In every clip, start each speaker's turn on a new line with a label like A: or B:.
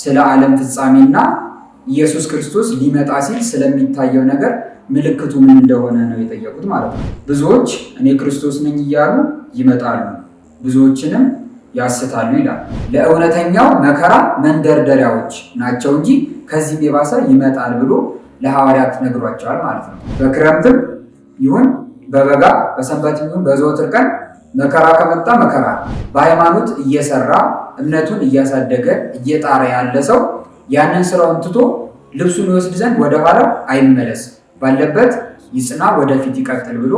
A: ስለ ዓለም ፍጻሜና ኢየሱስ ክርስቶስ ሊመጣ ሲል ስለሚታየው ነገር ምልክቱ ምን እንደሆነ ነው የጠየቁት ማለት ነው። ብዙዎች እኔ ክርስቶስ ነኝ እያሉ ይመጣሉ፣ ብዙዎችንም ያስታሉ ይላል። ለእውነተኛው መከራ መንደርደሪያዎች ናቸው እንጂ ከዚህም የባሰ ይመጣል ብሎ ለሐዋርያት ነግሯቸዋል ማለት ነው። በክረምትም ይሁን በበጋ በሰንበት ይሁን በዘወትር ቀን መከራ ከመጣ መከራ በሃይማኖት እየሰራ እምነቱን እያሳደገ እየጣረ ያለ ሰው ያንን ስራውን ትቶ ልብሱን ይወስድ ዘንድ ወደኋላ አይመለስ፣ ባለበት ይጽና፣ ወደፊት ይቀጥል ብሎ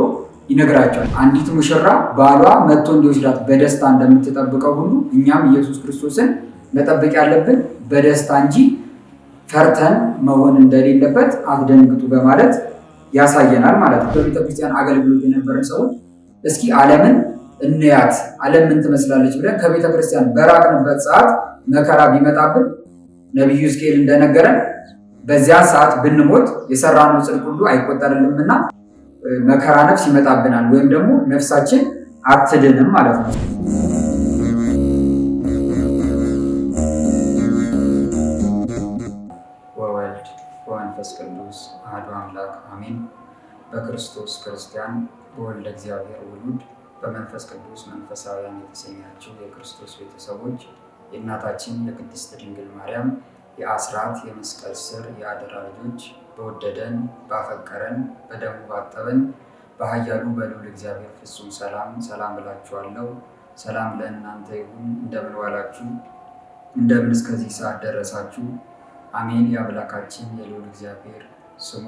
A: ይነግራቸዋል። አንዲት ሙሽራ ባሏ መጥቶ እንዲወስዳት በደስታ እንደምትጠብቀው ሁሉ እኛም ኢየሱስ ክርስቶስን መጠበቅ ያለብን በደስታ እንጂ ፈርተን መሆን እንደሌለበት አትደንግጡ በማለት ያሳየናል ማለት ነው። በቤተክርስቲያን አገልግሎት የነበረን ሰዎች እስኪ ዓለምን እንያት ዓለም ምን ትመስላለች ብለን ከቤተ ክርስቲያን በራቅንበት ሰዓት መከራ ቢመጣብን ነቢዩ ሕዝቅኤል እንደነገረን በዚያ ሰዓት ብንሞት የሰራነው ጽድቅ ሁሉ አይቆጠርልምና መከራ ነፍስ ይመጣብናል ወይም ደግሞ ነፍሳችን አትድንም ማለት ነው።
B: ወወልድ ወመንፈስ ቅዱስ አሐዱ አምላክ አሜን። በክርስቶስ ክርስቲያን በወልደ እግዚአብሔር ውሉድ በመንፈስ ቅዱስ መንፈሳውያን የተሰኛችሁ የክርስቶስ ቤተሰቦች የእናታችን የቅድስት ድንግል ማርያም የአስራት የመስቀል ስር የአደራ ልጆች በወደደን ባፈቀረን በደሙ ባጠበን በኃያሉ በልዑል እግዚአብሔር ፍጹም ሰላም ሰላም እላችኋለሁ። ሰላም ለእናንተ ይሁን። እንደምን ዋላችሁ? እንደምን እስከዚህ ሰዓት ደረሳችሁ? አሜን። የአምላካችን የልዑል እግዚአብሔር ስሙ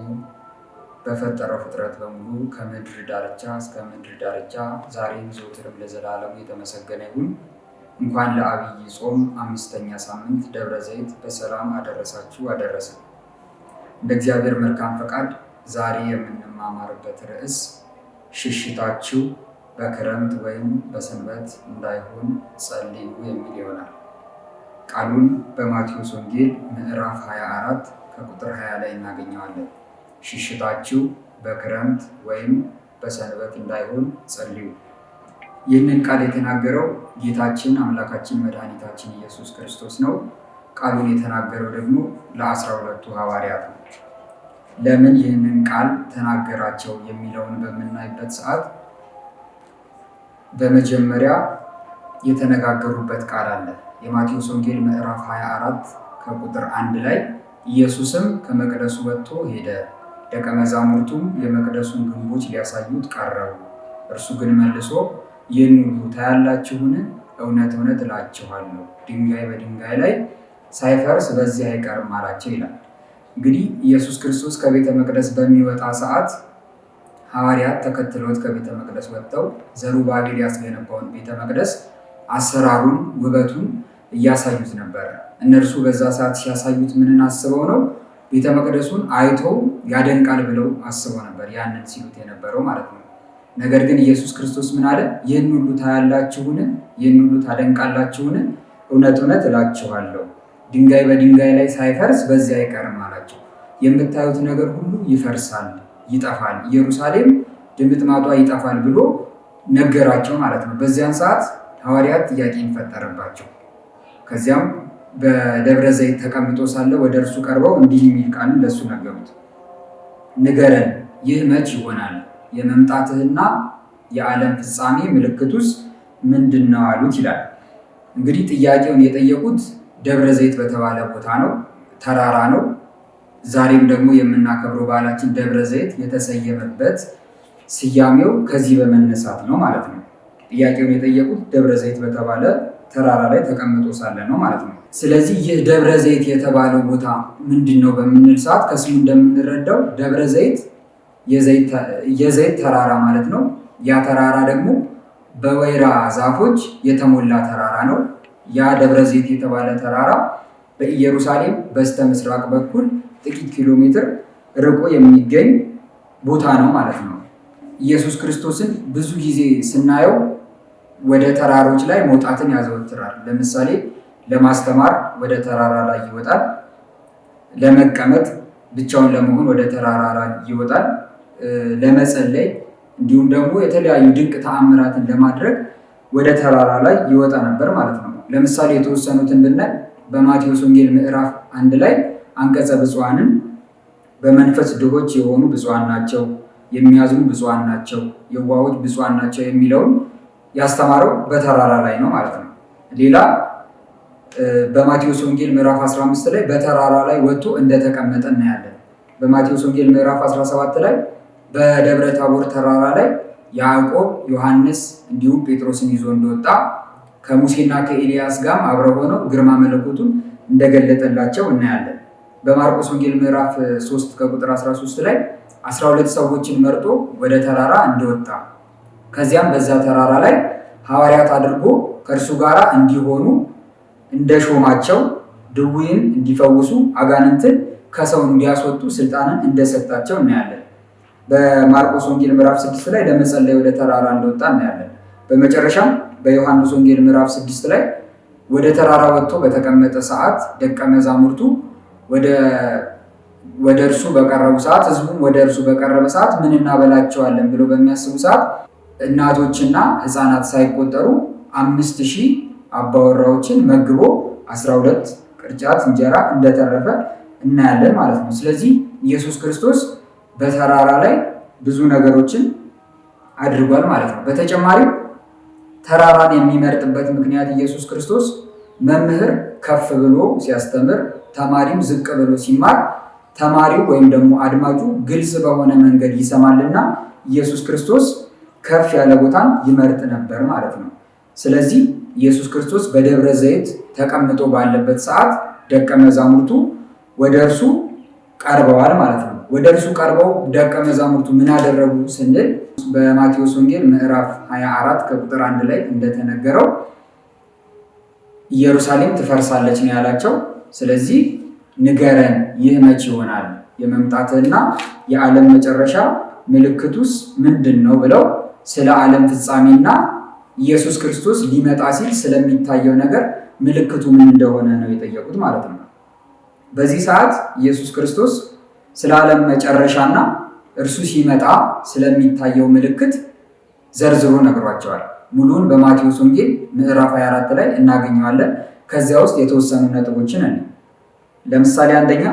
B: በፈጠረው ፍጥረት በሙሉ ከምድር ዳርቻ እስከ ምድር ዳርቻ ዛሬም ዘውትርም ለዘላለሙ የተመሰገነ ይሁን። እንኳን ለአብይ ጾም አምስተኛ ሳምንት ደብረ ዘይት በሰላም አደረሳችሁ አደረሰ። እንደ እግዚአብሔር መልካም ፈቃድ ዛሬ የምንማማርበት ርዕስ ሽሽታችሁ በክረምት ወይም በሰንበት እንዳይሆን ጸልዩ የሚል ይሆናል። ቃሉን በማቴዎስ ወንጌል ምዕራፍ 24 ከቁጥር 20 ላይ እናገኘዋለን። ሽሽታችሁ በክረምት ወይም በሰንበት እንዳይሆን ጸልዩ። ይህንን ቃል የተናገረው ጌታችን አምላካችን መድኃኒታችን ኢየሱስ ክርስቶስ ነው። ቃሉን የተናገረው ደግሞ ለአስራ ሁለቱ ሐዋርያት ነው። ለምን ይህንን ቃል ተናገራቸው የሚለውን በምናይበት ሰዓት በመጀመሪያ የተነጋገሩበት ቃል አለ። የማቴዎስ ወንጌል ምዕራፍ 24 ከቁጥር አንድ ላይ ኢየሱስም ከመቅደሱ ወጥቶ ሄደ ደቀ መዛሙርቱም የመቅደሱን ግንቦች ሊያሳዩት ቀረቡ። እርሱ ግን መልሶ ይህን ሁሉ ታያላችሁን? እውነት እውነት እላችኋለሁ ድንጋይ በድንጋይ ላይ ሳይፈርስ በዚህ አይቀርም አላቸው ይላል። እንግዲህ ኢየሱስ ክርስቶስ ከቤተ መቅደስ በሚወጣ ሰዓት ሐዋርያት ተከትሎት ከቤተ መቅደስ ወጥተው ዘሩባቤል ያስገነባውን ቤተ መቅደስ አሰራሩን፣ ውበቱን እያሳዩት ነበረ። እነርሱ በዛ ሰዓት ሲያሳዩት ምንን አስበው ነው? ቤተ መቅደሱን አይቶ ያደንቃል ብለው አስበው ነበር ያንን ሲሉት የነበረው ማለት ነው። ነገር ግን ኢየሱስ ክርስቶስ ምን አለ? ይህን ሁሉ ታያላችሁን? ይህን ሁሉ ታደንቃላችሁን? እውነት እውነት እላችኋለሁ ድንጋይ በድንጋይ ላይ ሳይፈርስ በዚያ አይቀርም አላቸው። የምታዩት ነገር ሁሉ ይፈርሳል፣ ይጠፋል፣ ኢየሩሳሌም ድምጥማጧ ይጠፋል ብሎ ነገራቸው ማለት ነው። በዚያን ሰዓት ሐዋርያት ጥያቄ ይፈጠርባቸው። ከዚያም በደብረ ዘይት ተቀምጦ ሳለ ወደ እርሱ ቀርበው እንዲህ የሚል ቃልን ለእሱ ነገሩት። ንገረን፣ ይህ መች ይሆናል? የመምጣትህና የዓለም ፍጻሜ ምልክቱስ ምንድን ነው አሉት ይላል። እንግዲህ ጥያቄውን የጠየቁት ደብረ ዘይት በተባለ ቦታ ነው፣ ተራራ ነው። ዛሬም ደግሞ የምናከብረው በዓላችን ደብረ ዘይት የተሰየመበት ስያሜው ከዚህ በመነሳት ነው ማለት ነው። ጥያቄውን የጠየቁት ደብረ ዘይት በተባለ ተራራ ላይ ተቀምጦ ሳለ ነው ማለት ነው። ስለዚህ ይህ ደብረ ዘይት የተባለው ቦታ ምንድን ነው በምንል ሰዓት ከስሙ እንደምንረዳው ደብረ ዘይት የዘይት ተራራ ማለት ነው። ያ ተራራ ደግሞ በወይራ ዛፎች የተሞላ ተራራ ነው። ያ ደብረ ዘይት የተባለ ተራራ በኢየሩሳሌም በስተ ምስራቅ በኩል ጥቂት ኪሎ ሜትር ርቆ የሚገኝ ቦታ ነው ማለት ነው። ኢየሱስ ክርስቶስን ብዙ ጊዜ ስናየው ወደ ተራሮች ላይ መውጣትን ያዘወትራል። ለምሳሌ ለማስተማር ወደ ተራራ ላይ ይወጣል። ለመቀመጥ ብቻውን ለመሆን ወደ ተራራ ላይ ይወጣል። ለመጸለይ እንዲሁም ደግሞ የተለያዩ ድንቅ ተአምራትን ለማድረግ ወደ ተራራ ላይ ይወጣ ነበር ማለት ነው። ለምሳሌ የተወሰኑትን ብናይ በማቴዎስ ወንጌል ምዕራፍ አንድ ላይ አንቀጸ ብፁዓንም በመንፈስ ድሆች የሆኑ ብፁዓን ናቸው፣ የሚያዝኑ ብፁዓን ናቸው፣ የዋሆች ብፁዓን ናቸው የሚለውን ያስተማረው በተራራ ላይ ነው ማለት ነው። ሌላ በማቴዎስ ወንጌል ምዕራፍ 15 ላይ በተራራ ላይ ወጥቶ እንደተቀመጠ እናያለን። በማቴዎስ ወንጌል ምዕራፍ 17 ላይ በደብረ ታቦር ተራራ ላይ ያዕቆብ፣ ዮሐንስ እንዲሁም ጴጥሮስን ይዞ እንደወጣ ከሙሴና ከኤልያስ ጋር አብረው ሆነው ግርማ መለኮቱን እንደገለጠላቸው እናያለን። በማርቆስ ወንጌል ምዕራፍ 3 ከቁጥር 13 ላይ 12 ሰዎችን መርጦ ወደ ተራራ እንደወጣ ከዚያም በዛ ተራራ ላይ ሐዋርያት አድርጎ ከእርሱ ጋር እንዲሆኑ እንደሾማቸው ድውይን እንዲፈውሱ አጋንንትን ከሰው እንዲያስወጡ ስልጣንን እንደሰጣቸው እናያለን። በማርቆስ ወንጌል ምዕራፍ ስድስት ላይ ለመጸለይ ወደ ተራራ እንደወጣ እናያለን። በመጨረሻም በዮሐንስ ወንጌል ምዕራፍ ስድስት ላይ ወደ ተራራ ወጥቶ በተቀመጠ ሰዓት ደቀ መዛሙርቱ ወደ እርሱ በቀረቡ ሰዓት ህዝቡም ወደ እርሱ በቀረበ ሰዓት ምን እናበላቸዋለን ብሎ በሚያስቡ ሰዓት እናቶችና ህፃናት ሳይቆጠሩ አምስት ሺህ አባወራዎችን መግቦ አስራ ሁለት ቅርጫት እንጀራ እንደተረፈ እናያለን ማለት ነው። ስለዚህ ኢየሱስ ክርስቶስ በተራራ ላይ ብዙ ነገሮችን አድርጓል ማለት ነው። በተጨማሪም ተራራን የሚመርጥበት ምክንያት ኢየሱስ ክርስቶስ መምህር ከፍ ብሎ ሲያስተምር፣ ተማሪም ዝቅ ብሎ ሲማር ተማሪው ወይም ደግሞ አድማጩ ግልጽ በሆነ መንገድ ይሰማልና ኢየሱስ ክርስቶስ ከፍ ያለ ቦታን ይመርጥ ነበር ማለት ነው። ስለዚህ ኢየሱስ ክርስቶስ በደብረ ዘይት ተቀምጦ ባለበት ሰዓት ደቀ መዛሙርቱ ወደ እርሱ ቀርበዋል ማለት ነው። ወደ እርሱ ቀርበው ደቀ መዛሙርቱ ምን አደረጉ ስንል በማቴዎስ ወንጌል ምዕራፍ 24 ከቁጥር አንድ ላይ እንደተነገረው ኢየሩሳሌም ትፈርሳለች ነው ያላቸው። ስለዚህ ንገረን፣ ይህ መቼ ይሆናል? የመምጣትህና የዓለም መጨረሻ ምልክቱስ ምንድን ነው? ብለው ስለ ዓለም ፍጻሜና ኢየሱስ ክርስቶስ ሊመጣ ሲል ስለሚታየው ነገር ምልክቱ ምን እንደሆነ ነው የጠየቁት ማለት ነው። በዚህ ሰዓት ኢየሱስ ክርስቶስ ስለ ዓለም መጨረሻና እርሱ ሲመጣ ስለሚታየው ምልክት ዘርዝሮ ነግሯቸዋል። ሙሉን በማቴዎስ ወንጌል ምዕራፍ 24 ላይ እናገኘዋለን። ከዚያ ውስጥ የተወሰኑ ነጥቦችን እኔ ለምሳሌ አንደኛ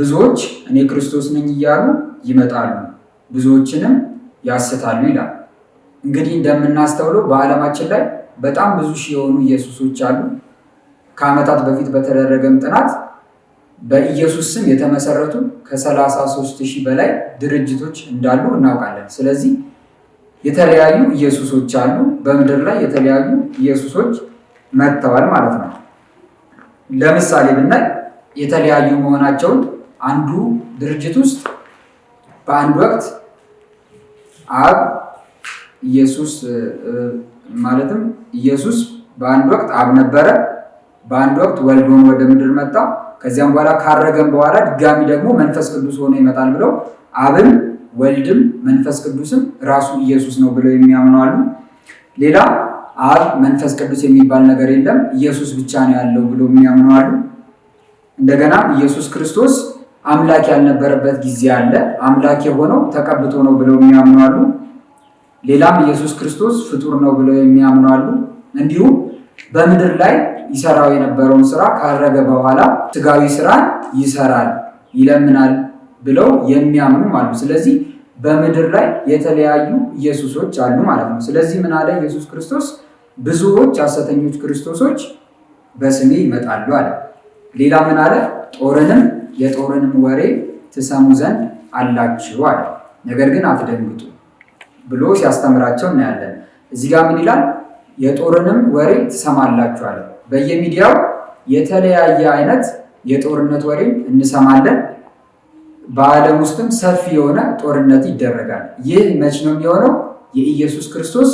B: ብዙዎች እኔ ክርስቶስ ነኝ እያሉ ይመጣሉ፣ ብዙዎችንም ያስታሉ ይላል። እንግዲህ እንደምናስተውለው በዓለማችን ላይ በጣም ብዙ ሺህ የሆኑ ኢየሱሶች አሉ። ከዓመታት በፊት በተደረገም ጥናት በኢየሱስ ስም የተመሰረቱ ከሰላሳ 33 ሺህ በላይ ድርጅቶች እንዳሉ እናውቃለን። ስለዚህ የተለያዩ ኢየሱሶች አሉ፣ በምድር ላይ የተለያዩ ኢየሱሶች መጥተዋል ማለት ነው። ለምሳሌ ብናይ የተለያዩ መሆናቸውን አንዱ ድርጅት ውስጥ በአንድ ወቅት አብ ኢየሱስ ማለትም ኢየሱስ በአንድ ወቅት አብ ነበረ፣ በአንድ ወቅት ወልድ ሆኖ ወደ ምድር መጣ። ከዚያም በኋላ ካረገም በኋላ ድጋሚ ደግሞ መንፈስ ቅዱስ ሆኖ ይመጣል ብለው አብም ወልድም መንፈስ ቅዱስም ራሱ ኢየሱስ ነው ብለው የሚያምኑ አሉ። ሌላ አብ መንፈስ ቅዱስ የሚባል ነገር የለም ኢየሱስ ብቻ ነው ያለው ብለው የሚያምኑ አሉ። እንደገና ኢየሱስ ክርስቶስ አምላክ ያልነበረበት ጊዜ አለ፣ አምላክ የሆነው ተቀብቶ ነው ብለው የሚያምኑ አሉ። ሌላም ኢየሱስ ክርስቶስ ፍጡር ነው ብለው የሚያምኑ አሉ። እንዲሁም በምድር ላይ ይሰራው የነበረውን ስራ ካረገ በኋላ ስጋዊ ስራን ይሰራል፣ ይለምናል ብለው የሚያምኑም አሉ። ስለዚህ በምድር ላይ የተለያዩ ኢየሱሶች አሉ ማለት ነው። ስለዚህ ምን አለ ኢየሱስ ክርስቶስ? ብዙዎች ሐሰተኞች ክርስቶሶች በስሜ ይመጣሉ አለ። ሌላ ምን አለ? ጦርንም የጦርንም ወሬ ትሰሙ ዘንድ አላችሁ አለ። ነገር ግን አትደንግጡ ብሎ ሲያስተምራቸው እናያለን። እዚህ ጋር ምን ይላል? የጦርንም ወሬ ትሰማላችኋል። በየሚዲያው የተለያየ አይነት የጦርነት ወሬ እንሰማለን። በዓለም ውስጥም ሰፊ የሆነ ጦርነት ይደረጋል። ይህ መች ነው የሚሆነው? የኢየሱስ ክርስቶስ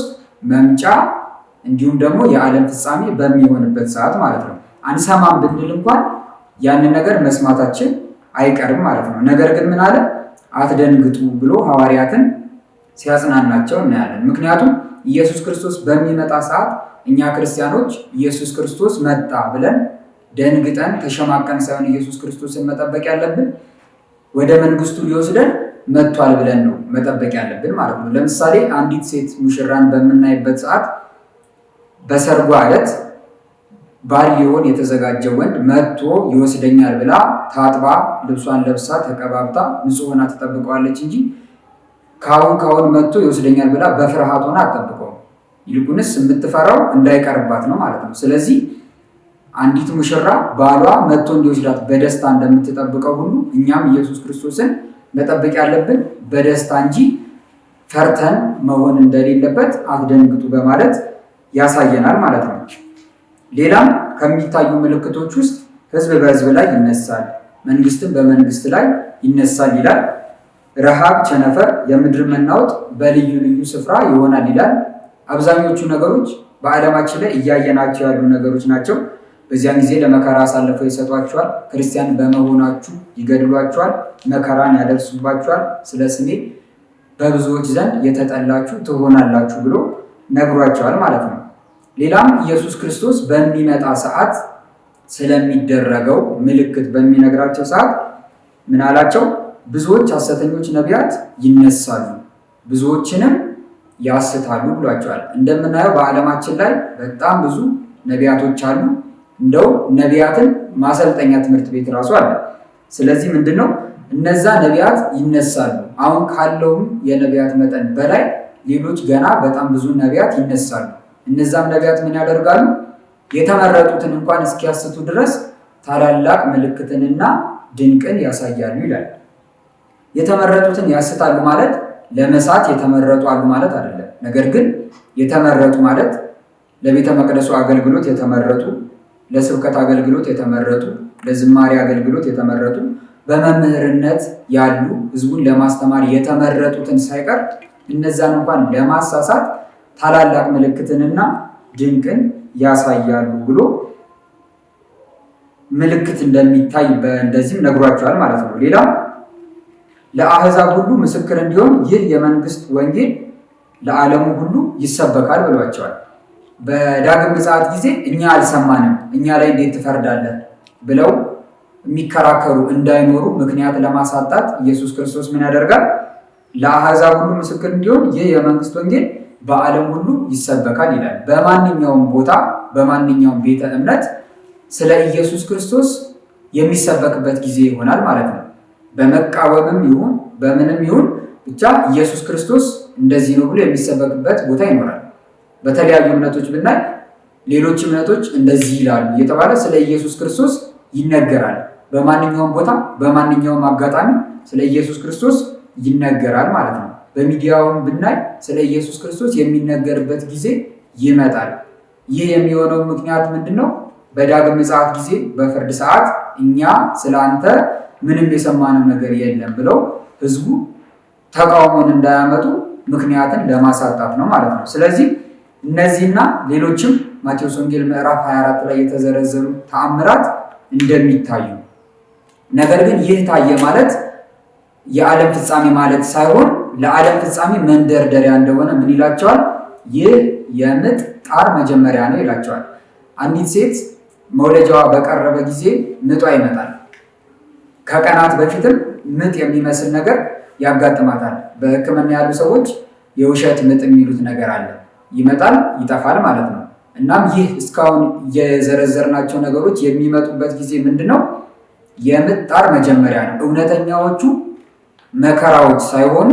B: መምጫ እንዲሁም ደግሞ የዓለም ፍጻሜ በሚሆንበት ሰዓት ማለት ነው። አንሰማም ብንል እንኳን ያንን ነገር መስማታችን አይቀርም ማለት ነው። ነገር ግን ምን አለ? አትደንግጡ ብሎ ሐዋርያትን ሲያጽናናቸው እናያለን። ምክንያቱም ኢየሱስ ክርስቶስ በሚመጣ ሰዓት እኛ ክርስቲያኖች ኢየሱስ ክርስቶስ መጣ ብለን ደንግጠን ተሸማቀን ሳይሆን ኢየሱስ ክርስቶስን መጠበቅ ያለብን ወደ መንግስቱ ሊወስደን መጥቷል ብለን ነው መጠበቅ ያለብን ማለት ነው። ለምሳሌ አንዲት ሴት ሙሽራን በምናይበት ሰዓት በሰርጓ ዕለት ባል የተዘጋጀ ወንድ መጥቶ ይወስደኛል ብላ ታጥባ ልብሷን ለብሳ ተቀባብታ ንጹሕ ሆና ትጠብቀዋለች እንጂ ካሁን ካሁን መጥቶ ይወስደኛል ብላ በፍርሃት ሆነ አጠብቀው፣ ይልቁንስ የምትፈራው እንዳይቀርባት ነው ማለት ነው። ስለዚህ አንዲት ሙሽራ ባሏ መጥቶ እንዲወስዳት በደስታ እንደምትጠብቀው ሁሉ እኛም ኢየሱስ ክርስቶስን መጠበቅ ያለብን በደስታ እንጂ ፈርተን መሆን እንደሌለበት አትደንግጡ በማለት ያሳየናል ማለት ነው። ሌላም ከሚታዩ ምልክቶች ውስጥ ህዝብ በህዝብ ላይ ይነሳል፣ መንግስትም በመንግስት ላይ ይነሳል ይላል። ረሃብ፣ ቸነፈር፣ የምድር መናወጥ በልዩ ልዩ ስፍራ ይሆናል ይላል። አብዛኞቹ ነገሮች በዓለማችን ላይ እያየናቸው ያሉ ነገሮች ናቸው። በዚያን ጊዜ ለመከራ አሳልፈው ይሰጧቸዋል። ክርስቲያን በመሆናችሁ ይገድሏቸዋል፣ መከራን ያደርሱባቸዋል ስለ ስሜ በብዙዎች ዘንድ የተጠላችሁ ትሆናላችሁ ብሎ ነግሯቸዋል ማለት ነው። ሌላም ኢየሱስ ክርስቶስ በሚመጣ ሰዓት ስለሚደረገው ምልክት በሚነግራቸው ሰዓት ምን አላቸው? ብዙዎች ሐሰተኞች ነቢያት ይነሳሉ፣ ብዙዎችንም ያስታሉ ብሏቸዋል። እንደምናየው በዓለማችን ላይ በጣም ብዙ ነቢያቶች አሉ። እንደው ነቢያትን ማሰልጠኛ ትምህርት ቤት እራሱ አለ። ስለዚህ ምንድን ነው እነዛ ነቢያት ይነሳሉ። አሁን ካለውም የነቢያት መጠን በላይ ሌሎች ገና በጣም ብዙ ነቢያት ይነሳሉ። እነዛም ነቢያት ምን ያደርጋሉ? የተመረጡትን እንኳን እስኪያስቱ ድረስ ታላላቅ ምልክትንና ድንቅን ያሳያሉ ይላል። የተመረጡትን ያስታሉ ማለት ለመሳት የተመረጡ አሉ ማለት አይደለም። ነገር ግን የተመረጡ ማለት ለቤተ መቅደሱ አገልግሎት የተመረጡ፣ ለስብከት አገልግሎት የተመረጡ፣ ለዝማሬ አገልግሎት የተመረጡ፣ በመምህርነት ያሉ ህዝቡን ለማስተማር የተመረጡትን ሳይቀር እነዛን እንኳን ለማሳሳት ታላላቅ ምልክትንና ድንቅን ያሳያሉ ብሎ ምልክት እንደሚታይ እንደዚህም ነግሯቸዋል ማለት ነው። ሌላ ለአህዛብ ሁሉ ምስክር እንዲሆን ይህ የመንግስት ወንጌል ለዓለሙ ሁሉ ይሰበካል ብሏቸዋል። በዳግም ምጽአት ጊዜ እኛ አልሰማንም፣ እኛ ላይ እንዴት ትፈርዳለን ብለው የሚከራከሩ እንዳይኖሩ ምክንያት ለማሳጣት ኢየሱስ ክርስቶስ ምን ያደርጋል? ለአህዛብ ሁሉ ምስክር እንዲሆን ይህ የመንግስት ወንጌል በዓለም ሁሉ ይሰበካል ይላል። በማንኛውም ቦታ በማንኛውም ቤተ እምነት ስለ ኢየሱስ ክርስቶስ የሚሰበክበት ጊዜ ይሆናል ማለት ነው። በመቃወምም ይሁን በምንም ይሁን ብቻ ኢየሱስ ክርስቶስ እንደዚህ ነው ብሎ የሚሰበክበት ቦታ ይኖራል። በተለያዩ እምነቶች ብናይ ሌሎች እምነቶች እንደዚህ ይላሉ እየተባለ ስለ ኢየሱስ ክርስቶስ ይነገራል። በማንኛውም ቦታ በማንኛውም አጋጣሚ ስለ ኢየሱስ ክርስቶስ ይነገራል ማለት ነው። በሚዲያውም ብናይ ስለ ኢየሱስ ክርስቶስ የሚነገርበት ጊዜ ይመጣል። ይህ የሚሆነው ምክንያት ምንድን ነው? በዳግም ምጽአት ጊዜ በፍርድ ሰዓት እኛ ስለ አንተ ምንም የሰማንም ነገር የለም ብለው ህዝቡ ተቃውሞን እንዳያመጡ ምክንያትን ለማሳጣት ነው ማለት ነው። ስለዚህ እነዚህና ሌሎችም ማቴዎስ ወንጌል ምዕራፍ 24 ላይ የተዘረዘሩ ተአምራት እንደሚታዩ ነገር ግን ይህ ታየ ማለት የዓለም ፍጻሜ ማለት ሳይሆን ለዓለም ፍጻሜ መንደርደሪያ እንደሆነ ምን ይላቸዋል? ይህ የምጥ ጣር መጀመሪያ ነው ይላቸዋል። አንዲት ሴት መውለጃዋ በቀረበ ጊዜ ምጧ ይመጣል። ከቀናት በፊትም ምጥ የሚመስል ነገር ያጋጥማታል። በሕክምና ያሉ ሰዎች የውሸት ምጥ የሚሉት ነገር አለ። ይመጣል፣ ይጠፋል ማለት ነው። እናም ይህ እስካሁን የዘረዘርናቸው ነገሮች የሚመጡበት ጊዜ ምንድን ነው? የምጥ ጣር መጀመሪያ ነው። እውነተኛዎቹ መከራዎች ሳይሆኑ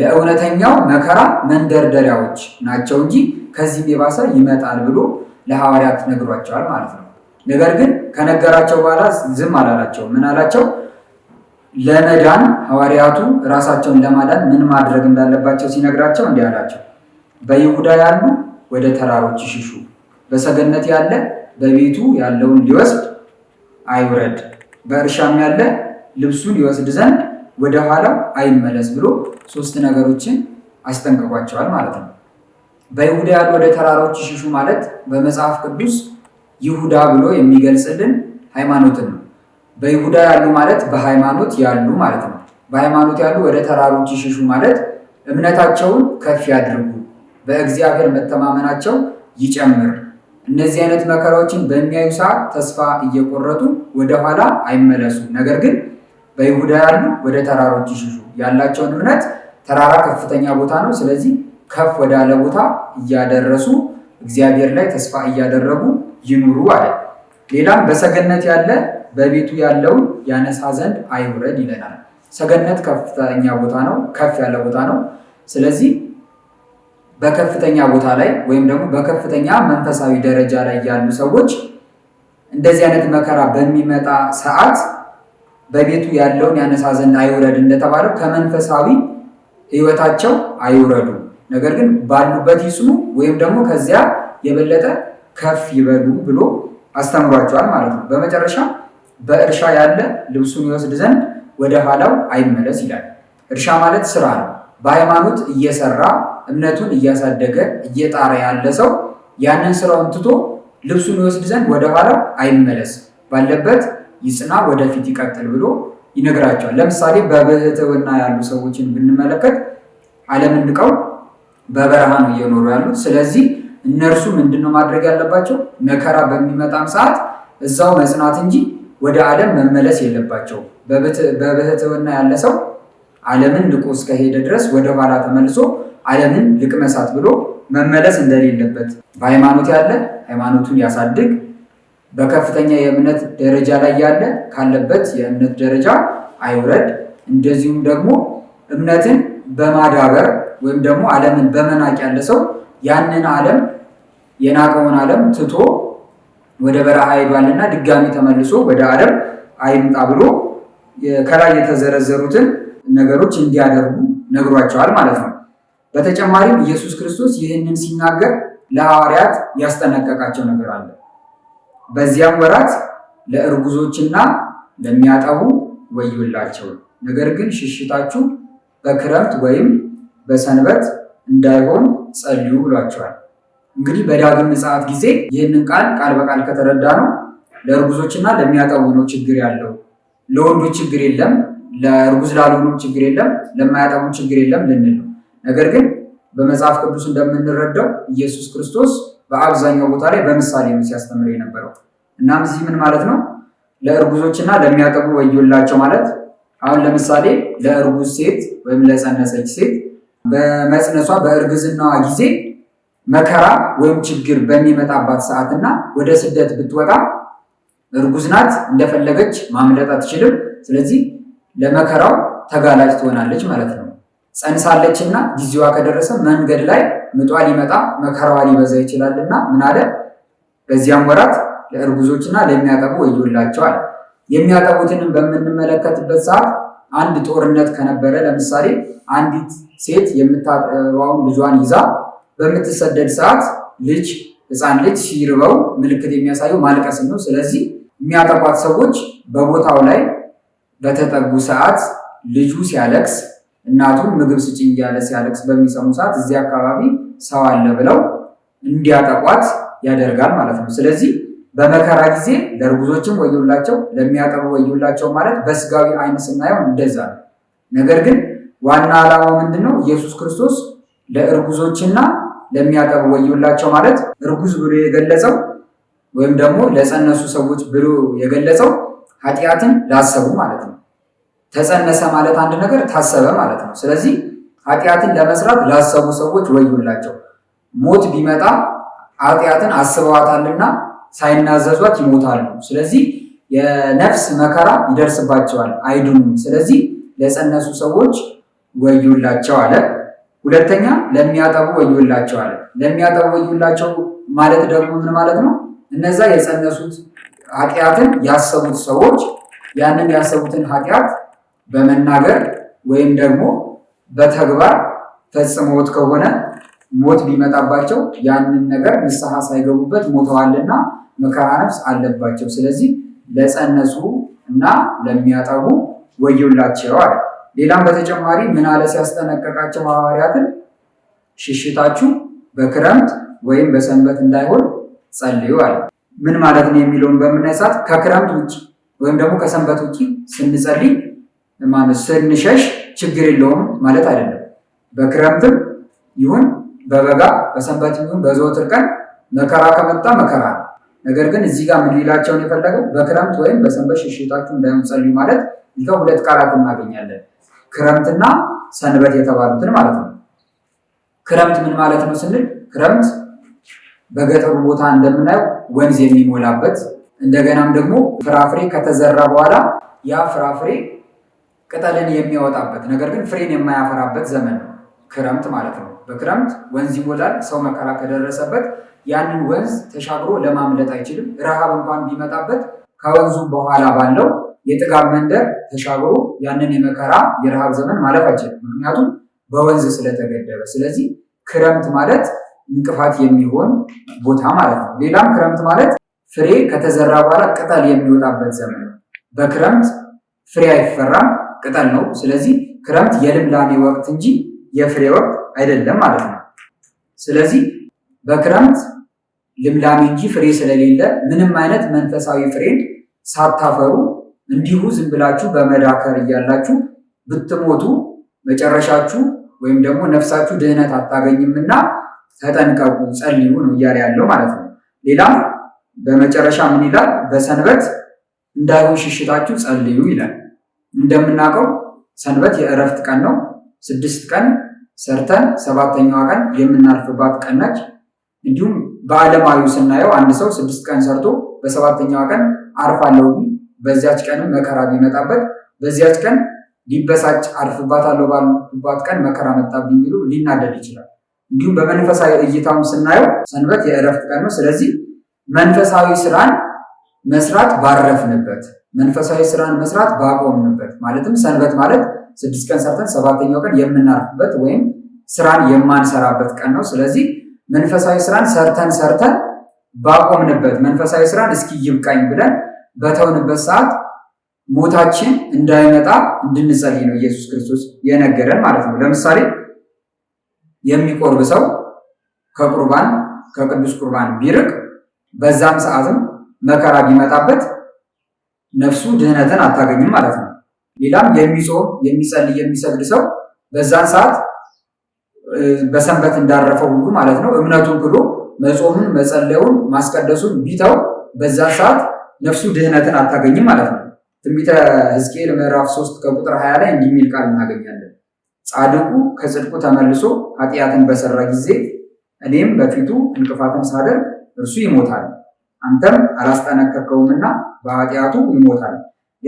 B: ለእውነተኛው መከራ መንደርደሪያዎች ናቸው እንጂ ከዚህም የባሰ ይመጣል ብሎ ለሐዋርያት ነግሯቸዋል ማለት ነው። ነገር ግን ከነገራቸው በኋላ ዝም አላላቸው። ምን አላቸው? ለመዳን ሐዋርያቱ ራሳቸውን ለማዳን ምን ማድረግ እንዳለባቸው ሲነግራቸው እንዲህ አላቸው። በይሁዳ ያሉ ወደ ተራሮች ይሽሹ፣ በሰገነት ያለ በቤቱ ያለውን ሊወስድ አይውረድ፣ በእርሻም ያለ ልብሱን ሊወስድ ዘንድ ወደ ኋላ አይመለስ ብሎ ሶስት ነገሮችን አስጠንቅቋቸዋል ማለት ነው። በይሁዳ ያሉ ወደ ተራሮች ይሽሹ ማለት በመጽሐፍ ቅዱስ ይሁዳ ብሎ የሚገልጽልን ሃይማኖትን ነው። በይሁዳ ያሉ ማለት በሃይማኖት ያሉ ማለት ነው። በሃይማኖት ያሉ ወደ ተራሮች ይሽሹ ማለት እምነታቸውን ከፍ ያድርጉ፣ በእግዚአብሔር መተማመናቸው ይጨምር። እነዚህ አይነት መከራዎችን በሚያዩ ሰዓት ተስፋ እየቆረጡ ወደኋላ አይመለሱ። ነገር ግን በይሁዳ ያሉ ወደ ተራሮች ይሽሹ፣ ያላቸውን እምነት ተራራ ከፍተኛ ቦታ ነው። ስለዚህ ከፍ ወዳለ ቦታ እያደረሱ እግዚአብሔር ላይ ተስፋ እያደረጉ ይኑሩ አለ። ሌላም በሰገነት ያለ በቤቱ ያለውን ያነሳ ዘንድ አይውረድ ይለናል። ሰገነት ከፍተኛ ቦታ ነው፣ ከፍ ያለ ቦታ ነው። ስለዚህ በከፍተኛ ቦታ ላይ ወይም ደግሞ በከፍተኛ መንፈሳዊ ደረጃ ላይ ያሉ ሰዎች እንደዚህ አይነት መከራ በሚመጣ ሰዓት በቤቱ ያለውን ያነሳ ዘንድ አይውረድ እንደተባለው ከመንፈሳዊ ሕይወታቸው አይውረዱ፣ ነገር ግን ባሉበት ይስ ወይም ደግሞ ከዚያ የበለጠ ከፍ ይበሉ ብሎ አስተምሯቸዋል ማለት ነው። በመጨረሻ በእርሻ ያለ ልብሱን ይወስድ ዘንድ ወደ ኋላው አይመለስ ይላል። እርሻ ማለት ስራ ነው። በሃይማኖት እየሰራ እምነቱን እያሳደገ እየጣረ ያለ ሰው ያንን ስራውን ትቶ ልብሱን ይወስድ ዘንድ ወደ ኋላው አይመለስ፣ ባለበት ይጽና፣ ወደፊት ይቀጥል ብሎ ይነግራቸዋል። ለምሳሌ በብሕትውና ያሉ ሰዎችን ብንመለከት ዓለምን ንቀው በበረሃ ነው እየኖሩ ያሉት። ስለዚህ እነርሱ ምንድነው ማድረግ ያለባቸው? መከራ በሚመጣም ሰዓት እዛው መጽናት እንጂ ወደ ዓለም መመለስ የለባቸው በብሕትውና ያለ ሰው ዓለምን ልቆ እስከሄደ ድረስ ወደ ኋላ ተመልሶ ዓለምን ልቅመሳት ብሎ መመለስ እንደሌለበት በሃይማኖት ያለ ሃይማኖቱን ያሳድግ፣ በከፍተኛ የእምነት ደረጃ ላይ ያለ ካለበት የእምነት ደረጃ አይውረድ። እንደዚሁም ደግሞ እምነትን በማዳበር ወይም ደግሞ ዓለምን በመናቅ ያለ ሰው ያንን ዓለም የናቀውን ዓለም ትቶ ወደ በረሃ ሄዷልና ድጋሚ ተመልሶ ወደ አረብ አይምጣ ብሎ ከላይ የተዘረዘሩትን ነገሮች እንዲያደርጉ ነግሯቸዋል ማለት ነው። በተጨማሪም ኢየሱስ ክርስቶስ ይህንን ሲናገር ለሐዋርያት ያስጠነቀቃቸው ነገር አለ። በዚያም ወራት ለእርጉዞችና ለሚያጠቡ ወዮላቸው፣ ነገር ግን ሽሽታችሁ በክረምት ወይም በሰንበት እንዳይሆን ጸልዩ ብሏቸዋል። እንግዲህ በዳግም ምጽአት ጊዜ ይህንን ቃል ቃል በቃል ከተረዳ ነው ለእርጉዞችና ለሚያጠቡ ነው ችግር ያለው። ለወንዶች ችግር የለም፣ ለእርጉዝ ላልሆኑ ችግር የለም፣ ለማያጠቡ ችግር የለም ልንል ነው። ነገር ግን በመጽሐፍ ቅዱስ እንደምንረዳው ኢየሱስ ክርስቶስ በአብዛኛው ቦታ ላይ በምሳሌ ነው ሲያስተምር የነበረው። እናም እዚህ ምን ማለት ነው? ለእርጉዞችና ለሚያጠቡ ወዮላቸው ማለት አሁን ለምሳሌ ለእርጉዝ ሴት ወይም ለጸነሰች ሴት በመጽነሷ በእርግዝናዋ ጊዜ መከራ ወይም ችግር በሚመጣባት ሰዓትና ወደ ስደት ብትወጣ እርጉዝ ናት፣ እንደፈለገች ማምለጥ አትችልም። ስለዚህ ለመከራው ተጋላጭ ትሆናለች ማለት ነው። እና ጊዜዋ ከደረሰ መንገድ ላይ ምጧ ሊመጣ መከራዋ ሊበዛ ይችላል ምን አለ? በዚያም ወራት ለእርጉዞችና ለሚያጠቡ ወዮላቸዋል። የሚያጠቡትንም በምንመለከትበት ሰዓት አንድ ጦርነት ከነበረ ለምሳሌ አንዲት ሴት የምታጠባውን ልጇን ይዛ በምትሰደድ ሰዓት ልጅ ህፃን ልጅ ሲርበው ምልክት የሚያሳየው ማልቀስ ነው። ስለዚህ የሚያጠቋት ሰዎች በቦታው ላይ በተጠጉ ሰዓት ልጁ ሲያለቅስ እናቱን ምግብ ስጭኝ እያለ ሲያለቅስ በሚሰሙ ሰዓት እዚህ አካባቢ ሰው አለ ብለው እንዲያጠቋት ያደርጋል ማለት ነው። ስለዚህ በመከራ ጊዜ ለእርጉዞችም ወዮላቸው፣ ለሚያጠቡ ወዮላቸው ማለት በስጋዊ አይን ስናየው እንደዛ ነው። ነገር ግን ዋና ዓላማው ምንድን ነው? ኢየሱስ ክርስቶስ ለእርጉዞችና ለሚያጠቡ ወዮላቸው ማለት እርጉዝ ብሎ የገለጸው ወይም ደግሞ ለጸነሱ ሰዎች ብሎ የገለጸው ኃጢአትን ላሰቡ ማለት ነው። ተጸነሰ ማለት አንድ ነገር ታሰበ ማለት ነው። ስለዚህ ኃጢአትን ለመስራት ላሰቡ ሰዎች ወዮላቸው። ሞት ቢመጣ ኃጢአትን አስበዋታልና ሳይናዘዟት ይሞታሉ። ስለዚህ የነፍስ መከራ ይደርስባቸዋል፣ አይድኑም። ስለዚህ ለጸነሱ ሰዎች ወዮላቸው አለ። ሁለተኛ ለሚያጠቡ ወዮላቸው አለ። ለሚያጠቡ ወዮላቸው ማለት ደግሞ ምን ማለት ነው? እነዛ የጸነሱት ኃጢአትን ያሰቡት ሰዎች ያንን ያሰቡትን ኃጢአት በመናገር ወይም ደግሞ በተግባር ፈጽመውት ከሆነ ሞት ቢመጣባቸው ያንን ነገር ንስሐ ሳይገቡበት ሞተዋልና መከራ ነፍስ አለባቸው። ስለዚህ ለጸነሱ እና ለሚያጠቡ ወዮላቸው አለ። ሌላም በተጨማሪ ምን አለ ሲያስጠነቀቃቸው ሐዋርያትን ሽሽታችሁ በክረምት ወይም በሰንበት እንዳይሆን ጸልዩ አለ። ምን ማለት ነው የሚለውን በምናይ ሰዓት ከክረምት ውጭ ወይም ደግሞ ከሰንበት ውጭ ስንጸልይ ማለት ስንሸሽ ችግር የለውም ማለት አይደለም። በክረምትም ይሁን በበጋ በሰንበት ይሁን በዘወትር ቀን መከራ ከመጣ መከራ ነው። ነገር ግን እዚህ ጋር ምን ሊላቸውን የፈለገው በክረምት ወይም በሰንበት ሽሽታችሁ እንዳይሆን ጸልዩ ማለት ይህ ሁለት ቃላት እናገኛለን። ክረምትና ሰንበት የተባሉትን ማለት ነው። ክረምት ምን ማለት ነው ስንል ክረምት በገጠሩ ቦታ እንደምናየው ወንዝ የሚሞላበት እንደገናም ደግሞ ፍራፍሬ ከተዘራ በኋላ ያ ፍራፍሬ ቅጠልን የሚያወጣበት ነገር ግን ፍሬን የማያፈራበት ዘመን ነው ክረምት ማለት ነው። በክረምት ወንዝ ይሞላል። ሰው መከራ ከደረሰበት ያንን ወንዝ ተሻግሮ ለማምለጥ አይችልም። ረሃብ እንኳን ቢመጣበት ከወንዙ በኋላ ባለው የጥጋብ መንደር ተሻግሮ ያንን የመከራ የረሃብ ዘመን ማለፍ አይችልም። ምክንያቱም በወንዝ ስለተገደበ። ስለዚህ ክረምት ማለት እንቅፋት የሚሆን ቦታ ማለት ነው። ሌላም ክረምት ማለት ፍሬ ከተዘራ በኋላ ቅጠል የሚወጣበት ዘመን ነው። በክረምት ፍሬ አይፈራም፣ ቅጠል ነው። ስለዚህ ክረምት የልምላሜ ወቅት እንጂ የፍሬ ወቅት አይደለም ማለት ነው። ስለዚህ በክረምት ልምላሜ እንጂ ፍሬ ስለሌለ ምንም አይነት መንፈሳዊ ፍሬን ሳታፈሩ እንዲሁ ዝም ብላችሁ በመዳከር እያላችሁ ብትሞቱ መጨረሻችሁ ወይም ደግሞ ነፍሳችሁ ድህነት አታገኝምና ተጠንቀቁ፣ ጸልዩ ነው እያለ ያለው ማለት ነው። ሌላ በመጨረሻ ምን ይላል? በሰንበት እንዳይሆን ሽሽታችሁ ጸልዩ ይላል። እንደምናውቀው ሰንበት የእረፍት ቀን ነው። ስድስት ቀን ሰርተን ሰባተኛዋ ቀን የምናርፍባት ቀን ነች። እንዲሁም በዓለማዊ ስናየው አንድ ሰው ስድስት ቀን ሰርቶ በሰባተኛዋ ቀን አርፋለሁ በዚያች ቀንም መከራ ቢመጣበት በዚያች ቀን ሊበሳጭ አርፍባታለሁ ባልኩባት ቀን መከራ መጣብኝ ቢሉ ሊናደድ ይችላል። እንዲሁም በመንፈሳዊ እይታም ስናየው ሰንበት የእረፍት ቀን ነው። ስለዚህ መንፈሳዊ ስራን መስራት ባረፍንበት፣ መንፈሳዊ ስራን መስራት ባቆምንበት፣ ማለትም ሰንበት ማለት ስድስት ቀን ሰርተን ሰባተኛው ቀን የምናርፍበት ወይም ስራን የማንሰራበት ቀን ነው። ስለዚህ መንፈሳዊ ስራን ሰርተን ሰርተን ባቆምንበት፣ መንፈሳዊ ስራን እስኪ ይብቃኝ ብለን በተውንበት ሰዓት ሞታችን እንዳይመጣ እንድንጸልይ ነው ኢየሱስ ክርስቶስ የነገረን ማለት ነው። ለምሳሌ የሚቆርብ ሰው ከቁርባን ከቅዱስ ቁርባን ቢርቅ በዛም ሰዓትም መከራ ቢመጣበት ነፍሱ ድህነትን አታገኝም ማለት ነው። ሌላም የሚጾም የሚጸልይ የሚሰግድ ሰው በዛን ሰዓት በሰንበት እንዳረፈው ሁሉ ማለት ነው እምነቱን ክዶ መጾሙን መጸለዩን ማስቀደሱን ቢተው በዛን ሰዓት ነፍሱ ድህነትን አታገኝም ማለት ነው። ትንቢተ ሕዝቅኤል ምዕራፍ 3 ከቁጥር 20 ላይ እንዲህ የሚል ቃል እናገኛለን። ጻድቁ ከጽድቁ ተመልሶ ኃጢአትን በሰራ ጊዜ እኔም በፊቱ እንቅፋትን ሳደርግ እርሱ ይሞታል፣ አንተም አላስጠነቀቀውምና በኃጢአቱ ይሞታል፣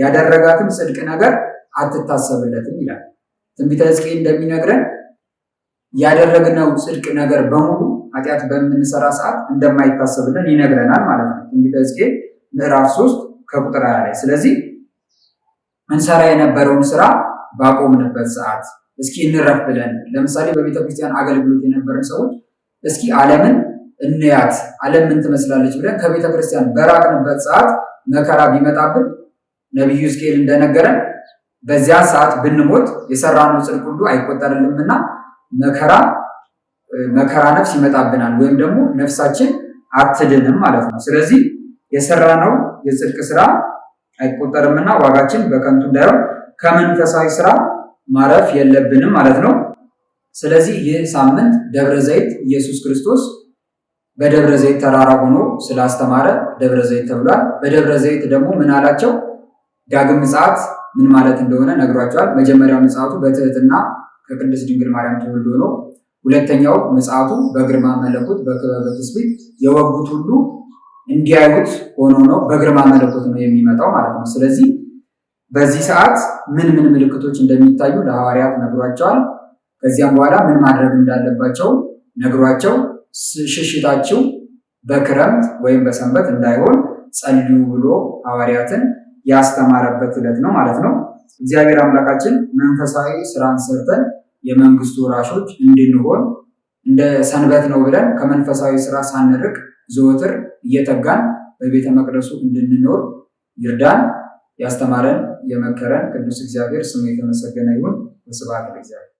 B: ያደረጋትም ጽድቅ ነገር አትታሰብለትም ይላል። ትንቢተ ሕዝቅኤል እንደሚነግረን ያደረግነው ጽድቅ ነገር በሙሉ ኃጢአት በምንሰራ ሰዓት እንደማይታሰብልን ይነግረናል ማለት ነው። ትንቢተ ሕዝቅኤል ምዕራፍ 3 ከቁጥር 20 ላይ ስለዚህ እንሰራ የነበረውን ስራ ባቆምንበት ሰዓት እስኪ እንረፍ ብለን ለምሳሌ በቤተክርስቲያን አገልግሎት የነበረን ሰዎች እስኪ ዓለምን እንያት ዓለም ምን ትመስላለች ብለን ከቤተክርስቲያን በራቅንበት ሰዓት መከራ ቢመጣብን ነቢዩ ስኬል እንደነገረን በዚያ ሰዓት ብንሞት የሰራነው ጽድቅ ሁሉ አይቆጠርልምና መከራ መከራ ነፍስ ይመጣብናል ወይም ደግሞ ነፍሳችን አትድንም ማለት ነው። ስለዚህ የሰራ ነው የጽድቅ ስራ አይቆጠርምና ዋጋችን በከንቱ እንዳይሆን ከመንፈሳዊ ስራ ማረፍ የለብንም ማለት ነው። ስለዚህ ይህ ሳምንት ደብረ ዘይት ኢየሱስ ክርስቶስ በደብረ ዘይት ተራራ ሆኖ ስላስተማረ ደብረ ዘይት ተብሏል። በደብረ ዘይት ደግሞ ምን አላቸው? ዳግም ምጽአት ምን ማለት እንደሆነ ነግሯቸዋል። መጀመሪያው ምጽአቱ በትህትና ከቅድስት ድንግል ማርያም ተወልዶ ነው። ሁለተኛው ምጽአቱ በግርማ መለኮት በክበበ ትስብእት የወጉት ሁሉ እንዲያዩት ሆኖ ነው በግርማ መለኮት ነው የሚመጣው ማለት ነው። ስለዚህ በዚህ ሰዓት ምን ምን ምልክቶች እንደሚታዩ ለሐዋርያት ነግሯቸዋል። ከዚያም በኋላ ምን ማድረግ እንዳለባቸው ነግሯቸው ሽሽታችሁ በክረምት ወይም በሰንበት እንዳይሆን ጸልዩ ብሎ ሐዋርያትን ያስተማረበት ዕለት ነው ማለት ነው። እግዚአብሔር አምላካችን መንፈሳዊ ስራን ሰርተን የመንግስቱ ወራሾች እንድንሆን እንደ ሰንበት ነው ብለን ከመንፈሳዊ ስራ ሳንርቅ ዘወትር እየተጋን በቤተ መቅደሱ እንድንኖር ይርዳን። ያስተማረን የመከረን ቅዱስ እግዚአብሔር ስሙ የተመሰገነ ይሁን። ስብሐት ለእግዚአብሔር።